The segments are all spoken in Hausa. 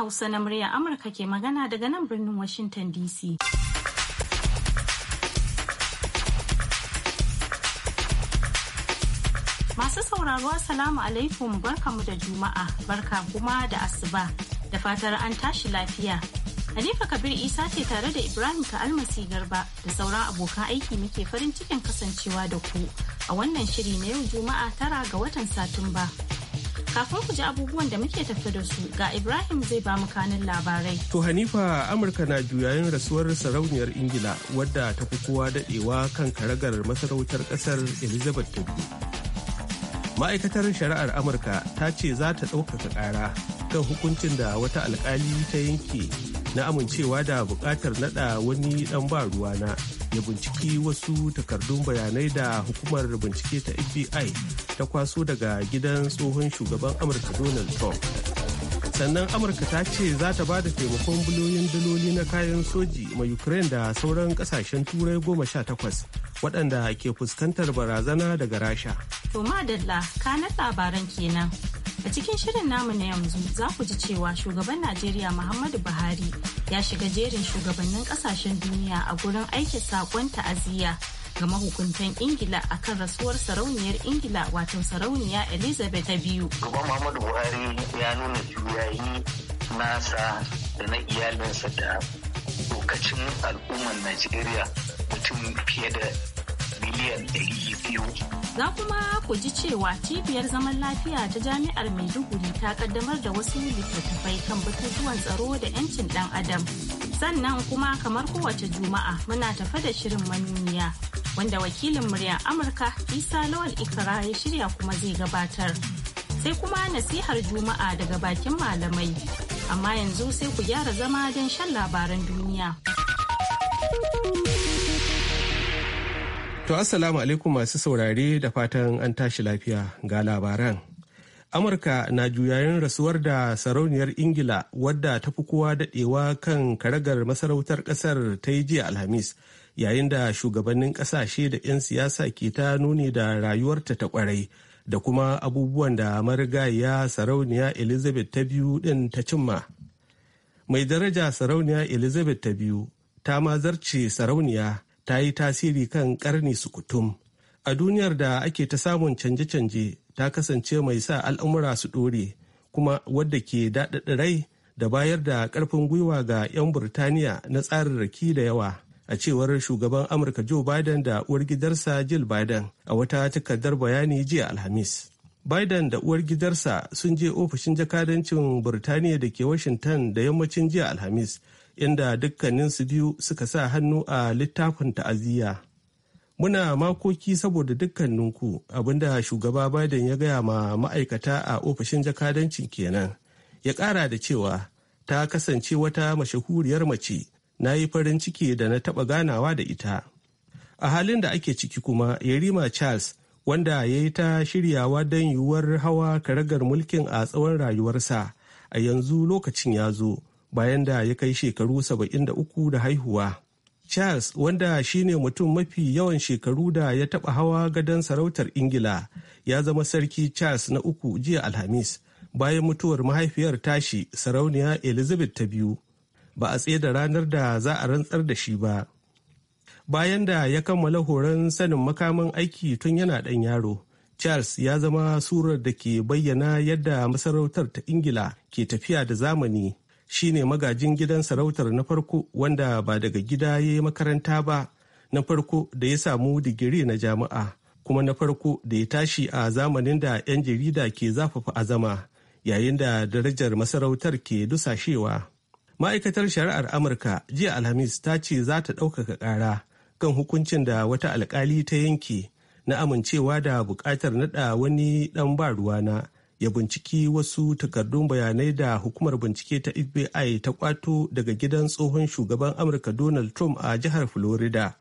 Hausa na murya Amurka ke magana daga nan birnin Washington DC. Masu sauraro salamu alaikum barkamu da Juma'a barka kuma da asuba da fatar an tashi lafiya. Hanifa Kabir Isa ce tare da Ibrahim Ka'almasi Garba da sauran abokan aiki muke farin cikin kasancewa da ku a wannan shiri na yau Juma'a tara ga watan Satumba. Kafin ku ji abubuwan da muke tafi da su ga Ibrahim zai ba mu kanin labarai. To Hanifa Amurka na juyayin rasuwar sarauniyar Ingila wadda ta fi kowa daɗewa kan karagar masarautar ƙasar Elizabeth ta Ma'aikatar shari'ar Amurka ta ce za ta ɗaukaka ƙara kan hukuncin da wata alƙali ta yanke na amincewa da buƙatar naɗa wani ɗan ba ruwa na. ya binciki wasu takardun bayanai da hukumar bincike ta fbi ta kwaso daga gidan tsohon shugaban amurka donald trump sannan amurka ta ce za ta ba da taimakon biliyoyin daloli na kayan soji mai ukraine da sauran kasashen turai goma sha takwas waɗanda ke fuskantar barazana daga rasha to madalla kanan labaran kenan A cikin shirin namu na yanzu za ku ji cewa shugaban Najeriya Muhammadu Buhari ya shiga jerin shugabannin kasashen duniya a gurin aikin saƙon ta'aziyya ga mahukuntan Ingila akan rasuwar sarauniyar Ingila wato sarauniya Elizabeth ta biyu. Shugaban Muhammadu Buhari ya nuna juyayi nasa da na iyalinsa da lokacin al'ummar Najeriya mutum fiye da miliyan biyu. Za kuma ku ji cewa cibiyar zaman lafiya ta jami'ar Maiduguri ta kaddamar da wasu littattafai kan batutuwan tsaro da 'yancin ɗan adam. Sannan kuma kamar kowace juma'a muna tafa da shirin manuniya wanda wakilin muryar Amurka Isa Lawal Ikra ya shirya kuma zai gabatar. Sai kuma nasihar juma'a daga bakin malamai. Amma yanzu sai ku gyara zama don shan labaran duniya. To assalamu alaikum masu saurare da fatan an tashi lafiya ga labaran. Amurka na juyayin rasuwar da sarauniyar Ingila wadda ta fi kowa daɗewa kan karagar masarautar ƙasar ta yi jiya Alhamis yayin da shugabannin ƙasashe da 'yan siyasa ke ta nuni da rayuwarta ta ƙwarai da kuma abubuwan da marigaya sarauniya Elizabeth ta biyu ɗin ta cimma. Mai daraja sarauniya Elizabeth ta biyu ta ma zarce sarauniya ta yi tasiri kan karni sukutum a duniyar da ake ta samun canje-canje ta kasance mai sa al'amura su ɗore kuma wadda ke daɗaɗa rai da bayar da ƙarfin gwiwa ga 'yan burtaniya na tsarin raki da yawa a cewar shugaban amurka joe biden da uwar gidarsa jill biden a wata takardar bayani jiya alhamis biden da uwar gidarsa sun je ofishin jakadancin burtaniya da ke washington da yammacin jiya alhamis inda dukkaninsu biyu suka sa hannu a littafin ta'aziyya. Muna makoki saboda dukkaninku abinda shugaba Biden ya gaya ma ma'aikata a ofishin jakadancin kenan. Ya ƙara da cewa ta kasance wata mashahuriyar mace na yi farin ciki da na taɓa ganawa da ita. A halin da ake ciki kuma Yerima Charles wanda ya yi ta shiryawa don yiwuwar hawa karagar mulkin a tsawon rayuwarsa a yanzu lokacin ya zo bayan da ya kai shekaru 73 da haihuwa. Charles wanda shine mutum mafi yawan shekaru da ya taɓa hawa gadon sarautar Ingila ya zama sarki Charles na uku jiya Alhamis bayan mutuwar mahaifiyar tashi sarauniya Elizabeth ta biyu ba a tsaye da ranar da za a rantsar da shi ba. Bayan da ya kammala horon sanin makaman aiki tun yana ɗan yaro, Charles ya zama surar da ke bayyana yadda masarautar ta Ingila ke tafiya da zamani shine magajin gidan sarautar na farko wanda ba daga gida ya yi makaranta ba na farko da ya samu digiri na jami'a kuma na farko da ya tashi a zamanin da 'yan jarida ke zafafa azama yayin da darajar masarautar ke dusashewa. Ma'aikatar Shari'ar Amurka jiya Alhamis ta ce za ta ɗaukaka ƙara kan hukuncin da wata alkali ta yanke na amincewa da buƙatar naɗa wani ɗan ba ruwana ya binciki wasu takardun bayanai da hukumar bincike ta FBI ta kwato daga gidan tsohon shugaban Amurka Donald Trump a jihar Florida.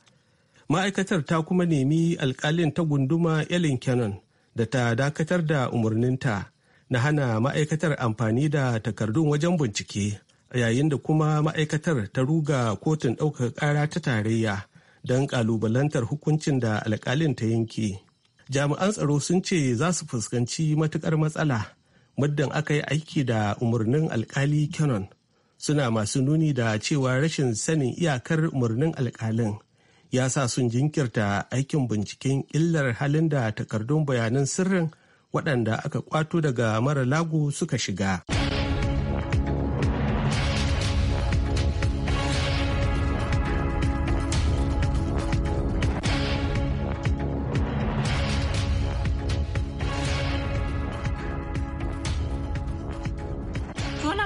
Ma'aikatar ta kuma nemi alkalin ta gunduma Ellen Cannon da ta dakatar da umarninta na hana ma'aikatar amfani da takardun wajen bincike yayin da kuma ma'aikatar ta ruga kotun ɗaukar ƙara ta tarayya don ƙalubalantar hukuncin da alkalin ta yanke. jami'an tsaro sun ce za su fuskanci matukar matsala muddin aka yi aiki da umarnin alkali canon suna masu nuni da cewa rashin sanin iyakar umarnin alkalin ya sa sun jinkirta aikin binciken illar halin da takardun bayanan sirrin waɗanda aka kwato daga mara lagu suka shiga.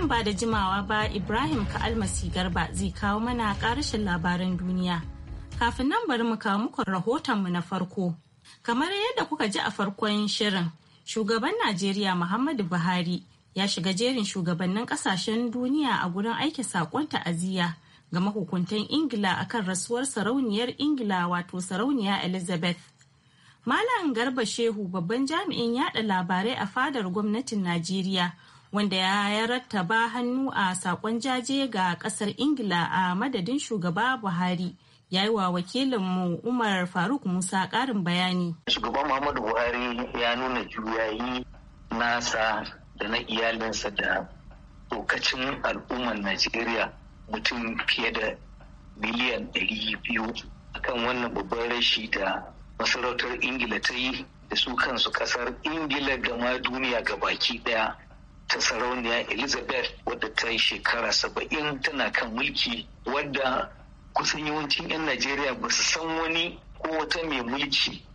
Nan ba da jimawa ba Ibrahim Ka'almasi Garba zai kawo mana karashin labaran duniya. Kafin nan bari mu kawo muku rahotonmu na farko. Kamar yadda kuka ji a farkon shirin, shugaban Najeriya Muhammadu Buhari ya shiga jerin shugabannin ƙasashen duniya a gurin aiki saƙon ta'aziyya ga mahukuntan Ingila akan rasuwar sarauniyar Ingila wato sarauniya Elizabeth. Malam Garba Shehu babban jami'in yada labarai a fadar gwamnatin Najeriya wanda ya rattaba hannu a sakon jaje ga kasar ingila a madadin shugaba buhari ya yi wa wakilinmu umar faruk musa karin bayani shugaba muhammadu buhari ya nuna juyayi nasa da na iyalinsa da lokacin al'ummar najeriya mutum fiye da miliyan 200 akan wannan babban rashi da masarautar ingila ta yi da su kansu kasar ingila da ma duniya ga baki daya ta sarauniya elizabeth wadda ta yi shekara saba'in tana kan mulki wadda kusan yawancin 'yan najeriya ba su san wani ko wata mai mulki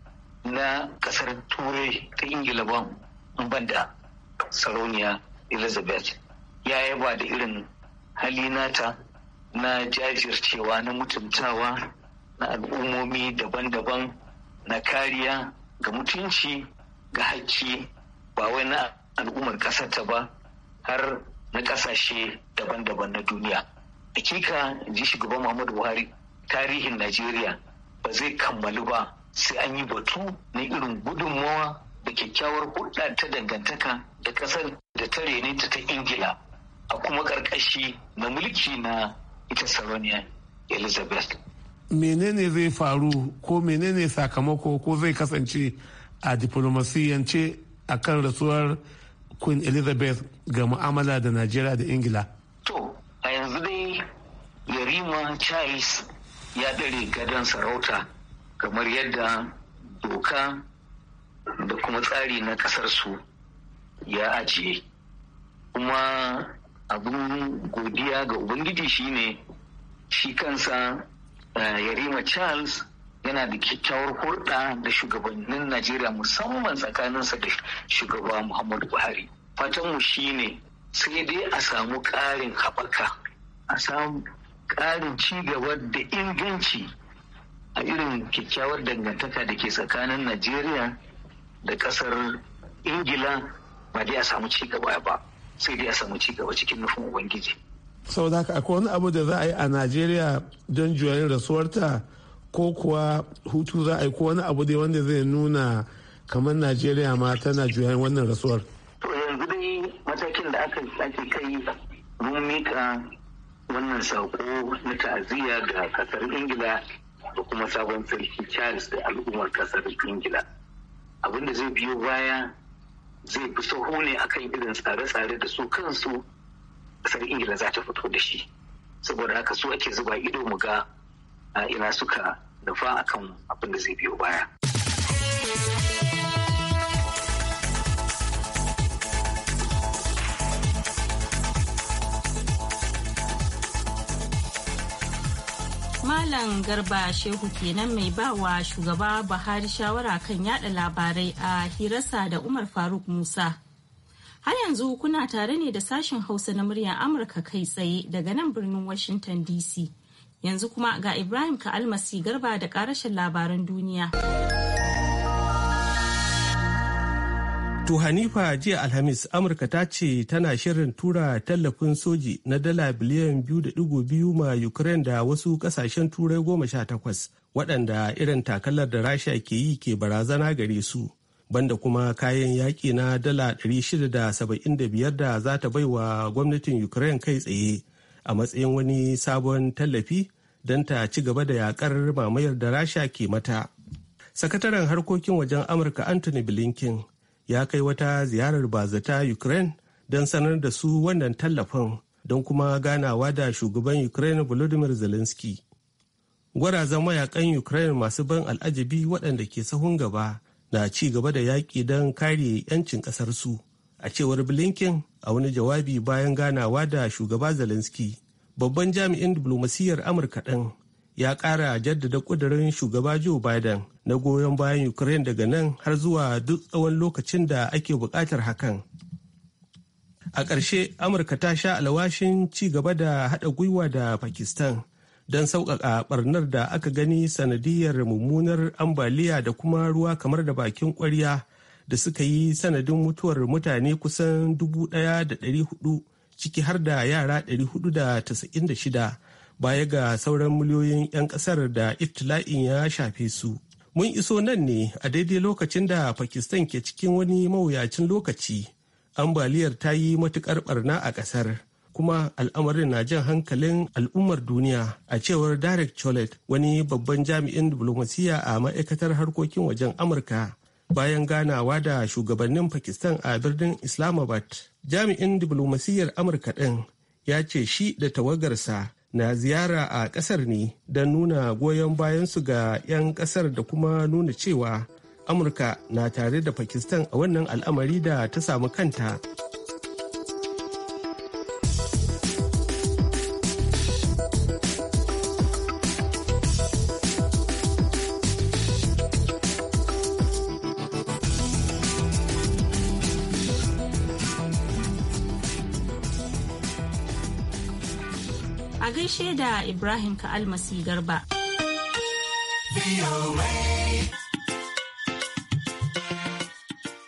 na kasar turai ta ingila ba banda sarauniya elizabeth ya yaba da irin hali nata na jajircewa na mutuntawa na al'ummomi daban-daban na kariya ga mutunci ga hakki ba wai na al'ummar kasar ta ba har na ƙasashe daban-daban na duniya hakika ji shugaban muhammadu buhari tarihin najeriya ba zai kammalu ba sai an yi batu na irin gudunmawa da kyakkyawar hulɗa ta dangantaka da ƙasar da ta rene ta ingila a kuma ƙarƙashi na mulki na ita sarauniya elizabeth menene zai faru ko menene sakamako ko zai kasance a diplomasiyance a kan rasuwar queen elizabeth ga mu'amala da najeriya da ingila to a yanzu dai yarima charles ya dare gadon sarauta kamar yadda doka da kuma tsari na ƙasar su ya ajiye kuma abin godiya ga ubangiji shine shi kansa eh, yarima charles yana da kyakkyawar hulɗa da shugabannin najeriya musamman tsakaninsa da shugaba muhammadu buhari fatanmu shine sai dai a samu ƙarin haɓaka a samu ƙarin cigaba da inganci a irin kyakkyawar dangantaka da ke tsakanin najeriya da ƙasar ingila ba dai a samu cigaba ba sai dai a samu cigaba cikin nufin ubangiji da haka akwai wani abu da za a yi a najeriya don juyayin rasuwarta ko kuwa hutu za a yi ko wani abu dai wanda zai nuna kamar najeriya ma tana juya wannan rasuwar to yanzu dai matakin da aka ake kai mun mika wannan saƙo na ta'aziyya ga kasar ingila da kuma sabon sarki charles da al'ummar kasar ingila abin da zai biyo baya zai fi saho ne akan irin tsare-tsare da su kansu kasar ingila za ta fito da shi saboda haka su ake zuba ido mu ga a ina suka nufa akan abin da zai biyo baya. Malam Garba Shehu kenan mai bawa shugaba Buhari shawara kan yada labarai a hirarsa da Umar Faruk Musa. Har yanzu kuna tare ne da sashen Hausa na muryar Amurka kai tsaye daga nan birnin Washington DC. Yanzu kuma ga Ibrahim ka almasi Garba da karashin labaran duniya. To Hanifa jiya Alhamis Amurka ta ce tana shirin tura tallafin soji na dala biliyan biyu ma Ukraine da wasu ƙasashen turai goma sha takwas waɗanda irin takalar da Rasha ke yi ke barazana gare su. Banda kuma kayan yaƙi na dala 675 da za ta baiwa gwamnatin Ukraine kai tsaye a matsayin wani sabon tallafi don ta ci gaba da yakar mamayar da rasha ke mata sakataren harkokin wajen amurka anthony blinken ya kai wata ziyarar bazata ukraine don sanar da su wannan tallafin don kuma ganawa da shugaban ukraine volodymyr zelensky gwarazan mayakan ukraine masu ban al'ajabi waɗanda ke sahun gaba na ci gaba da yaƙi don kare 'yancin ƙasarsu a cewar blinken a wani jawabi bayan ganawa da shugaba zelensky babban jami'in diplomasiyyar amurka ɗin ya ƙara jaddada ƙudurin shugaba joe biden na goyon bayan ukraine daga nan har zuwa duk tsawon lokacin da ake buƙatar hakan a ƙarshe amurka ta sha alwashin ci gaba da haɗa gwiwa da pakistan don sauƙaƙa ɓarnar da aka gani sanadiyar mummunar ambaliya da kuma ruwa kamar da bakin ƙwarya da suka yi sanadin mutuwar mutane kusan 1,400 ciki har da yara 496 baya ga sauran miliyoyin 'yan kasar da iftila'in ya shafe su. Mun iso nan ne a daidai lokacin da Pakistan ke cikin wani mawuyacin lokaci. Ambaliyar ta yi matuƙar barna a ƙasar. kuma al'amarin na jan hankalin al'ummar duniya a cewar derek cholet wani babban jami'in diplomasiyya a ma'aikatar harkokin wajen amurka bayan ganawa da shugabannin pakistan a birnin islamabad jami'in diplomasiyyar amurka ɗin ya ce shi da tawagarsa na ziyara a ƙasar ne don nuna goyon bayansu ga 'yan ƙasar da kuma nuna cewa amurka na tare da pakistan a wannan al'amari da ta samu kanta. da Ibrahim Ka'almasi Garba.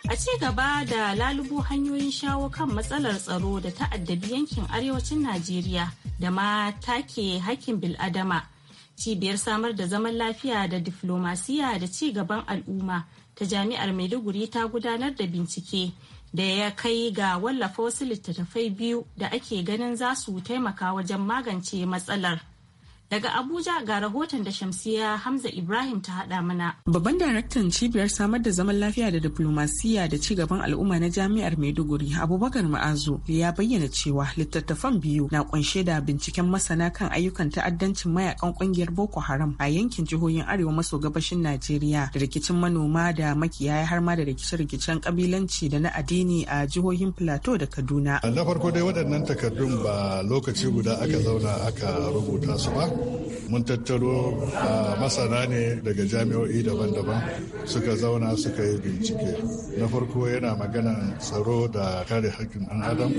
A ci gaba da lalubo hanyoyin shawo kan matsalar tsaro da ta'addabi yankin arewacin Najeriya da ma take hakkin bil'adama. Cibiyar samar da zaman lafiya da diflomasiya da ci gaban al'umma ta jami'ar Maiduguri ta gudanar da bincike da ya kai ga wallafa wasu littattafai biyu da ake ganin za su taimaka wajen magance matsalar. Daga Abuja ga rahoton da Shamsiya Hamza Ibrahim ta hada mana. Babban daraktan cibiyar samar da zaman lafiya da diplomasiya da ci gaban al'umma na jami'ar Maiduguri Abubakar Ma'azu ya bayyana cewa littattafan biyu na kunshe da binciken masana kan ayyukan ta'addancin mayakan kungiyar Boko Haram a yankin jihohin Arewa maso gabashin Najeriya da rikicin manoma da makiyaya har ma da rikice-rikicen kabilanci da na addini a jihohin Plateau da Kaduna. Na farko dai waɗannan takardun ba lokaci guda aka zauna aka rubuta su ba. mun tattaro ah, masana ne daga jami'o'i daban-daban suka zauna suka yi bincike na farko yana magana tsaro da kare hakkin ɗan adam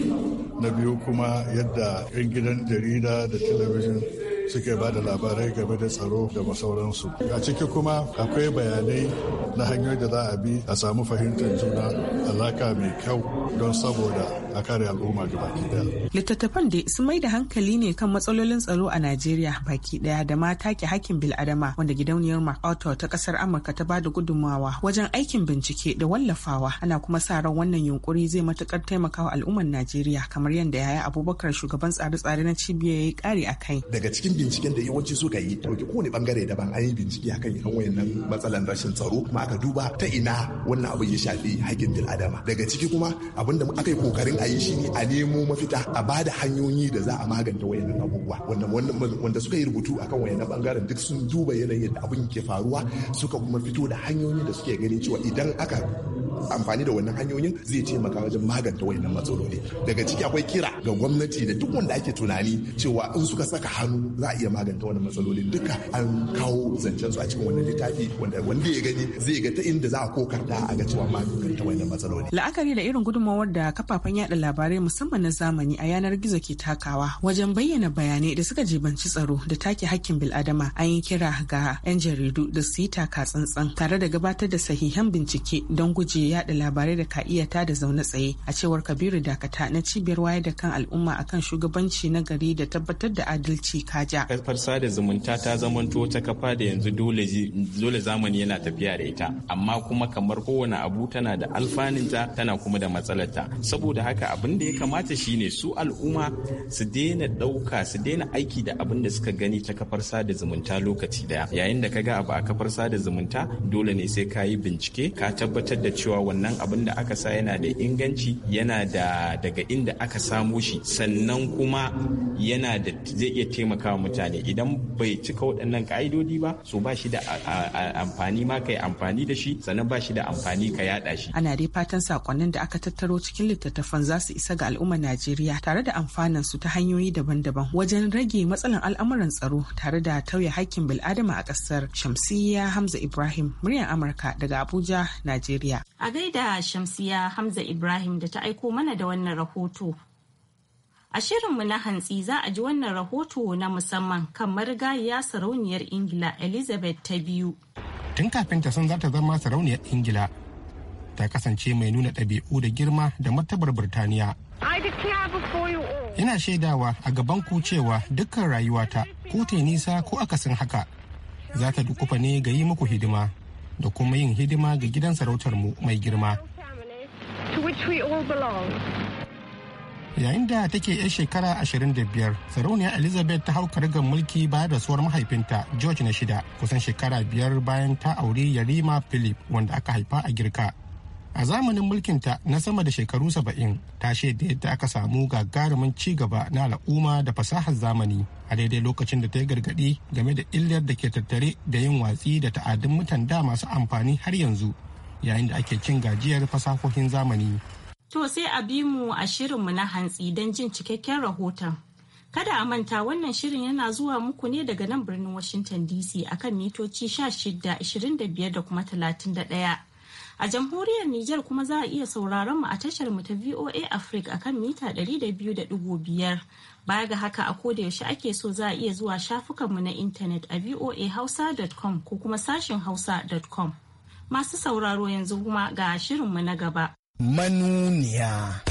na biyu kuma yadda 'yan gidan jarida da talabijin suke ba da labarai game da tsaro da sauransu a ciki kuma akwai bayanai na hanyoyi da za a bi a samu fahimtar juna alaka mai kyau don saboda a kare al'umma ga baki daya littattafan da sun mai da hankali ne kan matsalolin tsaro a najeriya baki daya da ma take hakkin bil'adama wanda gidauniyar makoto ta kasar amurka ta ba da gudunmawa wajen aikin bincike da wallafawa ana kuma sa ran wannan yunkuri zai matukar taimakawa al'ummar najeriya kamar yadda yaya abubakar shugaban tsare-tsare na cibiyar ya yi kari a kai daga cikin cikin binciken da yawanci suka yi dauki kowane bangare daban an yi bincike akan irin wayannan matsalan rashin tsaro kuma aka duba ta ina wannan abin ya shafi haƙƙin bil adama daga ciki kuma abin da aka yi kokarin a yi shi ne a nemo mafita a ba da hanyoyi da za a maganta wayannan abubuwa wanda wanda suka yi rubutu akan wayannan bangaren duk sun duba yanayin da abin ke faruwa suka kuma fito da hanyoyi da suke gani cewa idan aka amfani da wannan hanyoyin zai taimaka wajen maganta wayannan matsaloli daga ciki akwai kira ga gwamnati da duk wanda ake tunani cewa in suka saka hannu za a iya maganta wannan matsaloli duka an kawo zancen su a cikin wannan littafi wanda wanda ya gani zai ga ta inda za a kokarta a ga cewa maganta wannan matsaloli la'akari da irin gudunmawar da kafafen yada labarai musamman na zamani a yanar gizo ke takawa wajen bayyana bayanai da suka jibanci tsaro da take hakkin bil'adama an yi kira ga 'yan jaridu da su yi taka tsantsan tare da gabatar da sahihan bincike don guje yada labarai da ka iya tada zaune tsaye a cewar kabiru dakata na cibiyar wayar da kan al'umma akan shugabanci na gari da tabbatar da adalci kaji Abuja. Kafar sada zumunta ta zamanto ta kafa da yanzu dole zamani yana tafiya da ita amma kuma kamar kowane abu tana da alfaninta tana kuma da matsalarta saboda haka abin da ya kamata shine su al'umma su daina ɗauka su daina aiki da abin da suka gani ta kafar sada zumunta lokaci daya yayin da ka ga abu a kafar sada zumunta dole ne sai ka yi bincike ka tabbatar da cewa wannan abin da aka sa yana da inganci yana da daga inda aka samo shi sannan kuma yana da zai iya taimaka mutane idan bai cika waɗannan ka'idodi ba su ba shi da amfani ma kai amfani da shi sannan ba shi da amfani ka yada shi ana dai fatan sakonnin da aka tattaro cikin littattafan za su isa ga al'ummar Najeriya tare da amfanan su ta hanyoyi daban-daban wajen rage matsalan al'amuran tsaro tare da tauye hakkin bil'adama a ƙasar Shamsiyya Hamza Ibrahim muryar Amurka daga Abuja Najeriya a gaida Shamsiyya Hamza Ibrahim da ta aiko mana da wannan rahoto A shirinmu na hantsi za a ji wannan rahoto na musamman kan marigayiya sarauniyar Ingila Elizabeth ta biyu. Tun kafin ta san za ta zama sarauniyar Ingila ta kasance mai nuna ɗabi'u da girma da martabar Birtaniya. Ina shaidawa a gaban ku cewa dukkan rayuwata ko ta nisa ko akasin haka za ta dukufa ne ga yi muku hidima da kuma yin hidima ga gidan sarautar mu mai girma. To which yayin da take yan shekara 25 sarauniya elizabeth ta hau karigar mulki bayan rasuwar mahaifinta george na shida kusan shekara biyar bayan ta auri yarima philip wanda aka haifa a girka a zamanin mulkinta na sama da shekaru 70 ta shaida yadda aka samu gagarumin ci gaba na al'umma da fasahar zamani a daidai lokacin da ta yi gargadi game da illar da ke tattare da yin watsi da ta'adun mutan da masu amfani har yanzu yayin da ake cin gajiyar fasahohin zamani To sai a bi mu a shirinmu na hantsi don jin cikakken rahoton. Kada a manta wannan shirin yana zuwa muku ne daga nan birnin Washington DC a kan mitoci 16, da kuma 31. A jamhuriyar Nijar kuma za a iya sauraron mu a tashar mu ta VOA Africa akan mita 200.5. Baya ga haka a koda yaushe ake so za a iya zuwa shafukanmu na intanet a voahausa.com ko kuma sashin hausa.com. Masu sauraro yanzu kuma ga shirinmu na gaba. manuniya.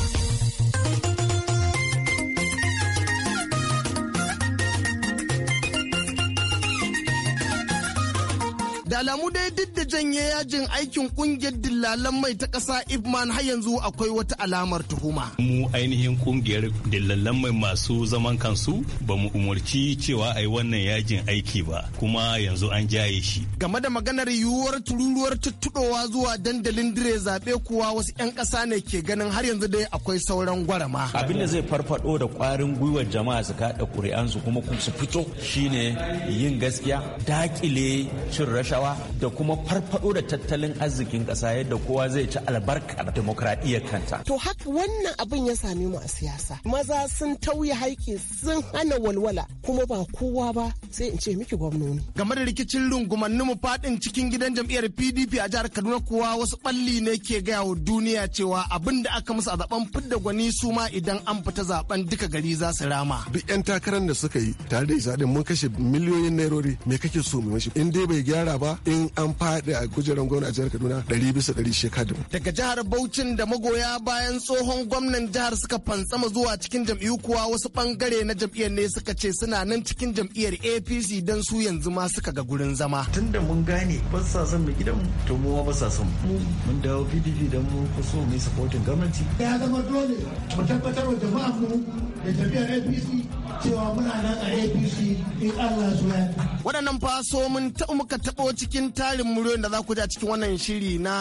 da alamu dai duk da janye yajin aikin kungiyar dillalan mai ta ƙasa ibman har yanzu akwai wata alamar tuhuma mu ainihin kungiyar dillalan mai masu zaman kansu ba mu umarci cewa ai wannan yajin aiki ba kuma yanzu an jaye shi game da maganar yiwuwar tururuwar tuttuɗowa zuwa dandalin dire zaɓe kuwa wasu 'yan ƙasa ne ke ganin har yanzu dai akwai sauran gwarama abin da zai farfado da ƙwarin gwiwar jama'a su kaɗa ƙuri'ansu kuma su fito shine yin gaskiya dakile cin rashawa rawa da kuma farfado da tattalin arzikin kasa yadda kowa zai ci albarkar demokradiyyar kanta. To haka wannan abin ya sami mu a siyasa. Maza sun tauye haiki sun hana walwala kuma ba kowa ba sai in ce miki gwamnoni. Game da rikicin rungumannin mu faɗin cikin gidan jam'iyyar PDP a jihar Kaduna kuwa wasu balli ne ke gaya wa duniya cewa abin da aka musu a zaben fidda gwani su ma idan an fita zaben duka gari za su rama. Duk 'yan takarar da suka yi tare da isa mun kashe miliyoyin nairori me kake so mu mashi in dai bai gyara ba in an faɗi a kujerar gwamna a jihar kaduna ɗari bisa ɗari shekaru. daga jihar Bauchin da magoya bayan tsohon gwamnan jihar suka fantsama zuwa cikin jam'iyyu kuwa wasu bangare na jam'iyyar ne suka ce suna nan cikin jam'iyyar apc don su yanzu ma suka ga gurin zama tunda mun gane ba sa son mu gidan to mu ba sa son mu mun dawo pdp don mu ku so mu supporting gwamnati ya zama dole mu tabbatar wa jama'a mu da jam'iyyar apc cewa muna nan a apc in allah su ya waɗannan faso mun taɓa muka taɓo cikin tarin muryoyin da za ku ji a cikin wannan shiri na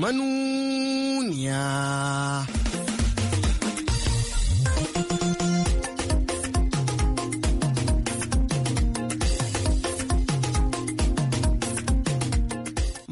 manuniya.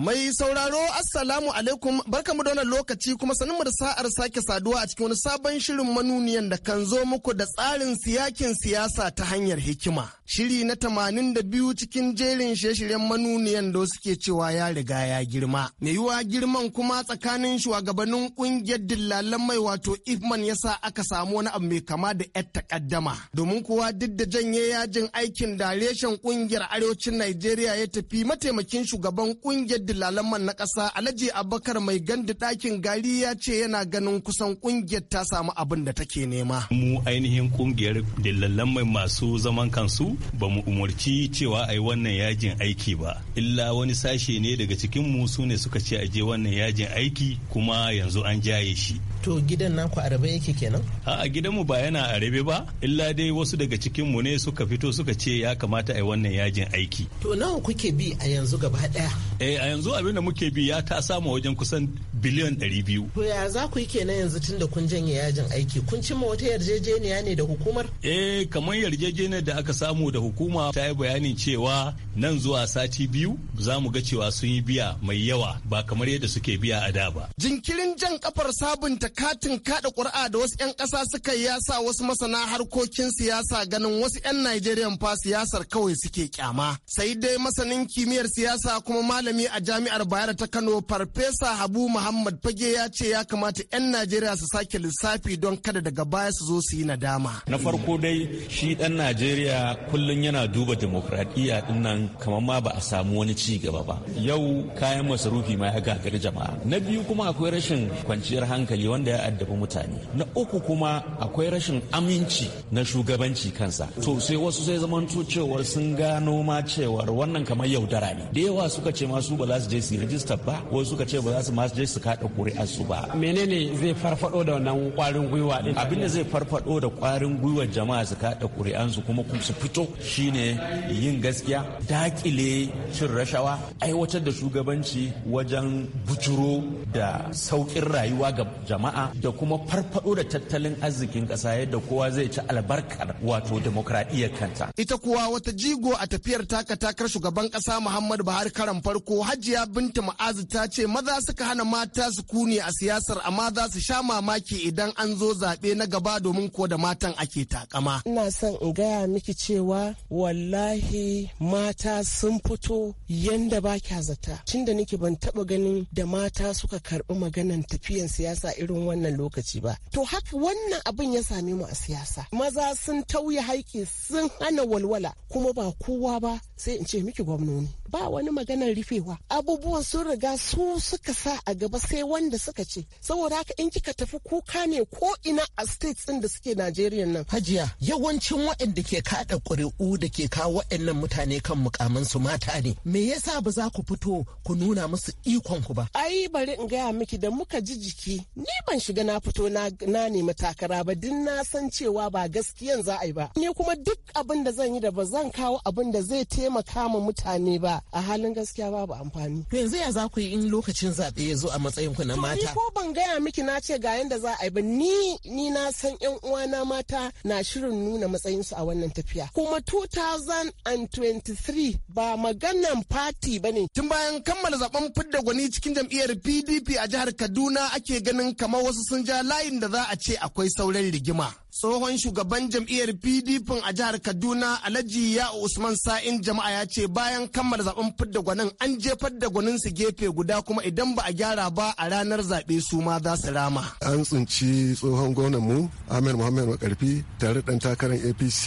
Mai sauraro Assalamu alaikum barkamu da wannan lokaci kuma sanin da sa'ar sake saduwa a cikin wani sabon shirin manuniyan da kan zo muku da tsarin siyakin siyasa ta hanyar hikima. shiri na tamanin da biyu cikin jerin shirye-shiryen manuniyan da suke cewa ya riga ya girma. Me yiwuwa girman kuma tsakanin shugabannin kungiyar dillalan mai wato Ifman ya sa aka samu wani abu mai kama da 'yar takaddama. Domin kuwa duk da janye yajin aikin da reshen kungiyar arewacin Najeriya ya tafi mataimakin shugaban kungiyar dillalan man na ƙasa Alhaji Abubakar mai gandu ɗakin gari ya ce yana ganin kusan kungiyar ta samu abin da take nema. Mu ainihin kungiyar dillalan mai masu zaman kansu ba mu umarci cewa a yi wannan yajin aiki ba illa wani sashe ne daga cikin mu su suka ce a je wannan yajin aiki kuma yanzu an jaye shi to gidan naku a yake kenan a gidanmu ba yana arabe ba illa dai wasu daga cikin mu ne suka fito suka ce ya kamata a wannan yajin aiki to nawa kuke bi a yanzu gaba daya eh a yanzu abin da muke bi ya ta samu wajen kusan biliyan 200 to ya za ku yi kenan yanzu tun da kun janye yajin aiki kun cimma wata yarjejeniya ne da hukumar eh kamar yarjejeniyar da aka samu da hukuma ta yi bayanin cewa nan zuwa sati biyu za mu ga cewa sun yi biya mai yawa ba kamar yadda suke biya a da ba jinkirin jan kafar sabunta katin kada ƙuri'a da wasu 'yan ƙasa suka yi yasa wasu masana harkokin siyasa ganin wasu 'yan Najeriya fa siyasar kawai suke kyama. Sai dai masanin kimiyyar siyasa kuma malami a jami'ar Bayero ta Kano Farfesa Habu Muhammad Fage ya ce ya kamata 'yan Najeriya su sake lissafi don kada daga baya su zo su yi nadama. Na farko dai shi ɗan Najeriya kullum yana duba demokradiyya din nan kamar ma ba a samu wani ci gaba ba. Yau kayan masarufi ma ya gagari jama'a. Na biyu kuma akwai rashin kwanciyar hankali wanda ya addabi mutane na uku kuma akwai rashin aminci na shugabanci kansa to sai wasu sai zamanto cewar sun gano ma cewar wannan kamar yaudara ne da yawa suka ce masu ba za su je su rijista ba wasu suka ce ba za su ma je su kada kuri'a su ba menene zai farfado da wannan kwarin gwiwa din abinda zai farfado da kwarin gwiwa jama'a su kada kuri'ansu kuma su fito shine yin gaskiya dakile cin rashawa aiwatar da shugabanci wajen bujuro da saukin rayuwa ga jama'a jama'a da kuma farfado da tattalin arzikin ƙasa yadda kowa zai ci albarkar wato demokradiyyar kanta. Ita kuwa wata jigo a tafiyar taka takar shugaban ƙasa Muhammadu Buhari karan farko Hajiya Binta Ma'azu ta ce maza suka hana mata su kune a siyasar amma za su sha mamaki idan an zo zaɓe na gaba domin ko da matan ake takama. Ina son in gaya miki cewa wallahi mata sun fito yanda ba kya zata. tunda da nake ban taɓa ganin da mata suka karɓi maganan tafiyan siyasa irin samu wannan lokaci ba to haka wannan abin ya same mu a siyasa maza sun tauye haƙƙi sun hana walwala kuma ba kowa ba sai in ce miki gwamnoni ba wani maganar rufewa abubuwan sun riga su suka sa a gaba sai wanda suka ce saboda haka in kika tafi kuka ne ko ina a states din da suke Najeriya nan hajiya yawancin waɗanda ke kada ƙuri'u da ke kawo waɗannan mutane kan mukamin su mata ne me yasa ba za ku fito ku nuna musu ikon ku ba ai bari in gaya miki da muka ji jiki ni ban shiga na fito na nemi takara ba din na san cewa ba gaskiyan za a yi ba ni kuma duk abin da zan yi da ba zan kawo abin da zai taimaka ma mutane ba a halin gaskiya babu amfani. To yanzu ya za ku yi in lokacin zaɓe ya zo a matsayin ku na mata? To ni ko ban gaya miki na ce ga yanda za a yi ba ni ni na san yan uwana mata na shirin nuna matsayinsu a wannan tafiya. Kuma 2023 ba maganan fati ba ne. Tun bayan kammala zaɓen fidda gwani cikin jam'iyyar PDP a jihar Kaduna ake ganin kamar wasu sun ja layin da za a ce akwai sauran rigima. tsohon shugaban jam'iyyar pdp a jihar kaduna alhaji ya usman sa'in jama'a ya ce bayan kammala zaben fidda gwanin an jefar da gwanin su gefe guda kuma idan ba a gyara ba a ranar zaɓe su ma za su rama an tsinci tsohon gwamnan mu ahmed muhammad makarfi tare dan takarar apc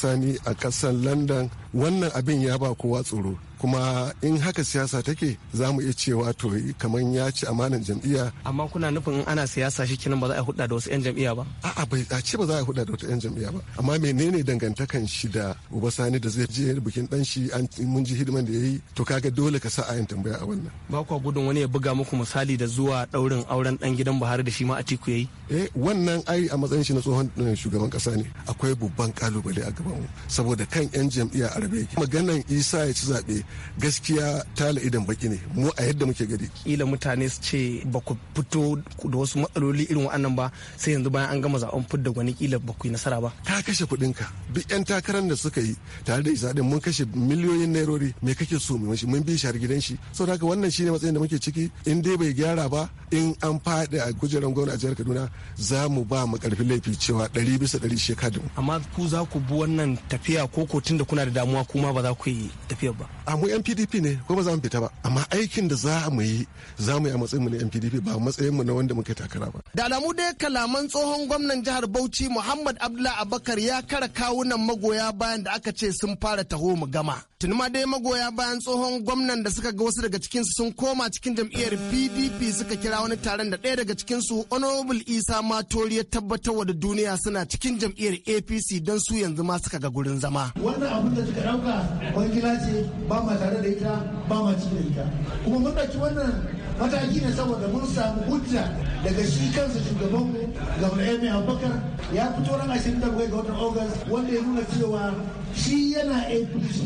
sani a ƙasar london wannan abin ya ba kowa tsoro kuma in haka siyasa take za mu iya cewa to kamar ya ci amanan jam'iyya amma kuna nufin in ana siyasa shi kenan ba za a hudda da wasu 'yan jam'iyya ba a'a bai a ce ba za a hudda da wata 'yan jam'iyya ba amma menene dangantakan shi da uba sani da zai je bikin dan shi an mun ji hidiman da yayi to kaga dole ka sa a tambaya a wannan ba kwa gudun wani ya buga muku misali da zuwa daurin auren dan gidan Buhari da shi ma a tiku yayi eh wannan ai a matsayin shi na tsohon eh, shugaban kasa ne akwai babban kalubale a gaban mu saboda kan 'yan jam'iyya a rabe maganan Isa ya ci zabe gaskiya tala idan baki ne mu a yadda muke gari kila mutane su ce ba ku fito da wasu matsaloli irin wa'annan ba sai yanzu bayan an gama zaben fidda gwani kila ba ku yi nasara ba ka kashe kuɗin ka duk yan takarar da suka yi tare da isa mun kashe miliyoyin nairori me kake so mu mun bi shi har gidan shi saboda haka wannan shine matsayin da muke ciki in dai bai gyara ba in an fadi a kujerar gwamnati a jihar Kaduna za mu ba mu karfi laifi cewa ɗari bisa ɗari shekadu amma ku za ku bi wannan tafiya ko ko tunda kuna da damuwa kuma ba za ku yi tafiyar ba mu yan pdp ne ko ba za mu fita ba amma aikin da za mu yi za mu yi a matsayin mu na yan pdp ba matsayin mu na wanda muke takara ba da alamu dai kalaman tsohon gwamnan jihar bauchi muhammad Abdullah abakar ya kara kawunan magoya bayan da aka ce sun fara taho mu gama tunuma dai magoya bayan tsohon gwamnan da suka ga wasu daga cikinsu sun koma cikin jam'iyyar pdp suka kira wani taron da ɗaya daga cikinsu honorable isa matori ya tabbatar da duniya suna cikin jam'iyyar apc don su yanzu ma suka ga gurin zama wannan abin da suka ɗauka kwangila ce ba ba tare da ita ba ma da ita kuma mun ɗauki wannan mataki ne saboda mun samu hujja daga shi kansa shugaban mu gabriel mai abubakar ya fito ran ashirin da ga watan august wanda ya nuna cewa shi yana apc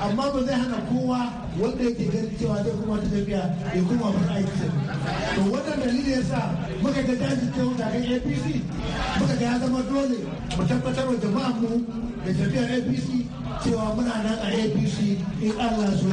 amma ba zai hana kowa wanda yake ganin cewa zai kuma ta tafiya ya kuma fara aiki to wannan dalili ya sa muka ga dajin ta wuta kan apc muka ga ya zama dole mu tabbatar wa jama'a mu da tafiyar apc cewa muna nan a apc in allah su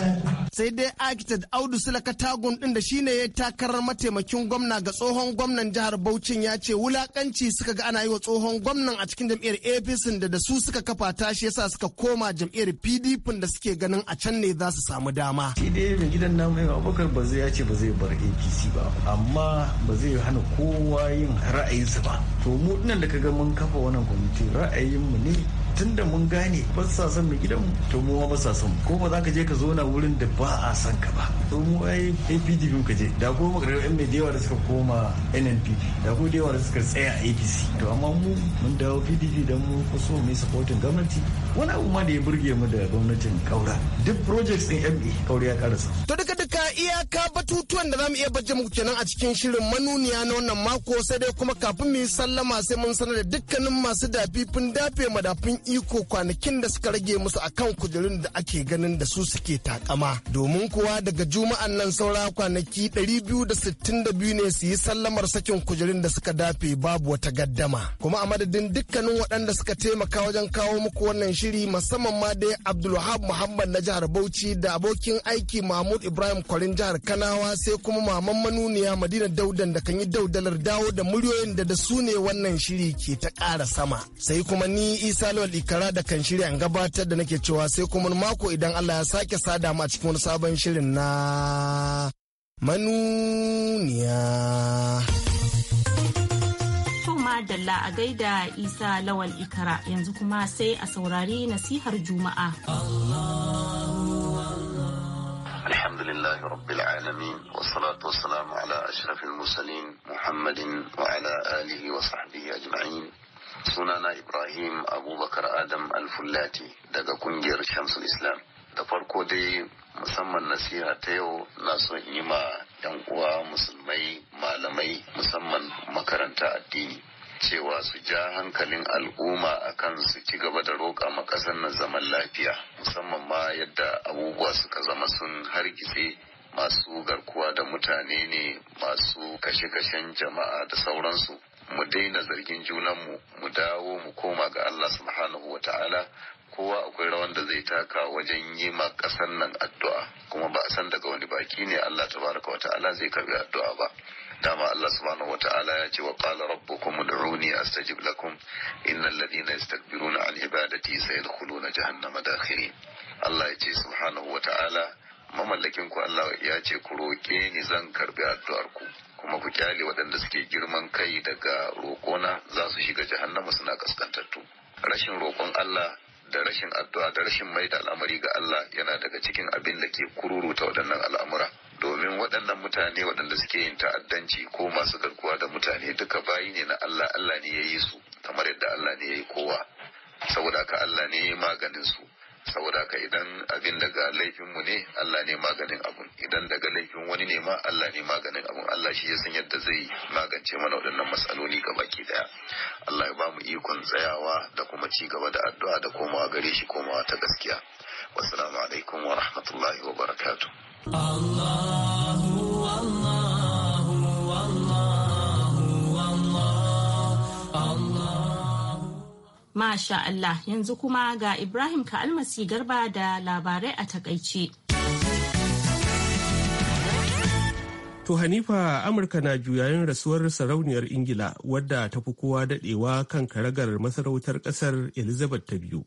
sai dai architect audu sulaka tagun din da shine ya takarar mataimakin gwamna ga tsohon gwamnan jihar Bauchin ya ce wulakanci suka ga ana yi wa tsohon gwamnan a cikin jam'iyyar APC da da su suka kafa ta shi yasa suka koma jam'iyyar PDP da suke ganin a can ne za su samu dama. Shi dai mai gidan namu mai Abubakar ba zai ce ba zai bar APC ba amma ba zai hana kowa yin ra'ayinsa ba. To mu da kaga mun kafa wannan kwamiti ra'ayinmu ne tunda mun gane ba sa son mai gidan to mu ba sa son ko ba za ka je ka zo na wurin da ba a san ka ba to mu ai APDP ka je da ko makarar yan mai da da suka koma NNPP da ko da da suka tsaya APC to amma mu mun dawo PDP dan mu kuso mu supporting gwamnati wani abu ma da ya burge mu da gwamnatin Kaura duk projects din MA Kaura ya karasa to duka duka iyaka batutuwan da zamu iya bajje muku kenan a cikin shirin manuniya na wannan mako sai dai kuma kafin mu yi sallama sai mun sanar da dukkanin masu dafifin dafe madafin iko kwanakin da suka rage musu akan kujerun da ake ganin da su suke takama domin kuwa daga juma'an nan saura kwanaki 262 ne su yi sallamar sakin kujerun da suka dafe babu wata gaddama kuma a madadin dukkanin waɗanda suka taimaka wajen kawo muku wannan shiri musamman ma dai abdulwahab muhammad na jihar bauchi da abokin aiki mahmud ibrahim kwarin jihar kanawa sai kuma maman manuniya madina daudan da kan yi daudalar dawo da muryoyin da da su ne wannan shiri ke ta ƙara sama sai kuma ni isa lawal ikara da kan shirya in gabatar da nake cewa sai kuma mako idan Allah ya sake sada mu a cikin wani sabon shirin na manuniya. Dalla a gaida Isa Lawal Ikara yanzu kuma sai a saurari nasihar Juma'a. الحمد لله رب العالمين والصلاة والسلام على أشرف المرسلين محمد وعلى آله وصحبه أجمعين sunana ibrahim abubakar adam alfullati daga kungiyar shamsul islam da farko dai musamman nasiha ta yau na so in yi ma yan uwa musulmai malamai musamman makaranta addini cewa su ja hankalin al'umma akan su ci gaba da roƙa makasar na zaman lafiya musamman ma yadda abubuwa suka zama sun hargitse masu garkuwa da mutane ne masu kashe-kashen jama'a da sauransu mu daina zargin junanmu mu dawo mu koma ga Allah subhanahu wa ta'ala kowa akwai rawan da zai taka wajen yi ma nan addu'a kuma ba a san daga wani baki ne Allah tabaraka wa ta'ala zai karbi addu'a ba dama Allah subhanahu wa ta'ala ya ce wa qala rabbukum ud'uni astajib lakum innal ladina yastakbiruna an ibadati sayadkhuluna jahannama dakhirin Allah ya ce subhanahu wa ta'ala mamallakin ku Allah ya ce ku roƙe ni zan karbi addu'ar ku kuma ku kyale waɗanda suke girman kai daga roƙona za su shiga jahannama suna kaskantattu rashin roƙon Allah da rashin addu'a da rashin mai da al'amari ga Allah yana daga cikin abin da ke kururuta waɗannan al'amura domin waɗannan mutane waɗanda suke yin ta'addanci ko masu garkuwa da mutane duka bayi ne na Allah Allah ne ya yi su kamar yadda Allah ne ya yi kowa saboda haka Allah ne ya yi maganin su saboda ka idan abin daga laifinmu ne Allah ne maganin abun idan daga laifin wani ne ma Allah ne maganin abun Allah shi ya san yadda zai magance mana waɗannan matsaloli ga baki daya Allah ya ba mu ikon tsayawa da kuma ci gaba da addu'a da komawa gare shi komawa ta gaskiya wassalamu alaikum wa rahmatullahi wa barakatuh Allah Masha Allah yanzu kuma ga Ibrahim Ka'almasi Garba da labarai a takaice. To Hanifa Amurka na juyayin rasuwar sarauniyar Ingila wadda ta fi kowa daɗewa kan karagar masarautar ƙasar Elizabeth ta biyu.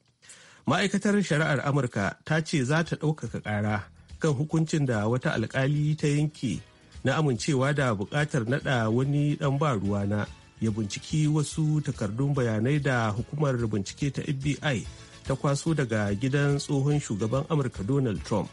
Ma'aikatar shari'ar Amurka ta ce za ta ɗaukaka ƙara kan hukuncin da wata alƙali ta yanke na amincewa da buƙatar naɗa wani ɗan ba ruwana. na ya binciki wasu takardun bayanai da hukumar bincike ta FBI ta kwaso daga gidan tsohon shugaban Amurka Donald Trump.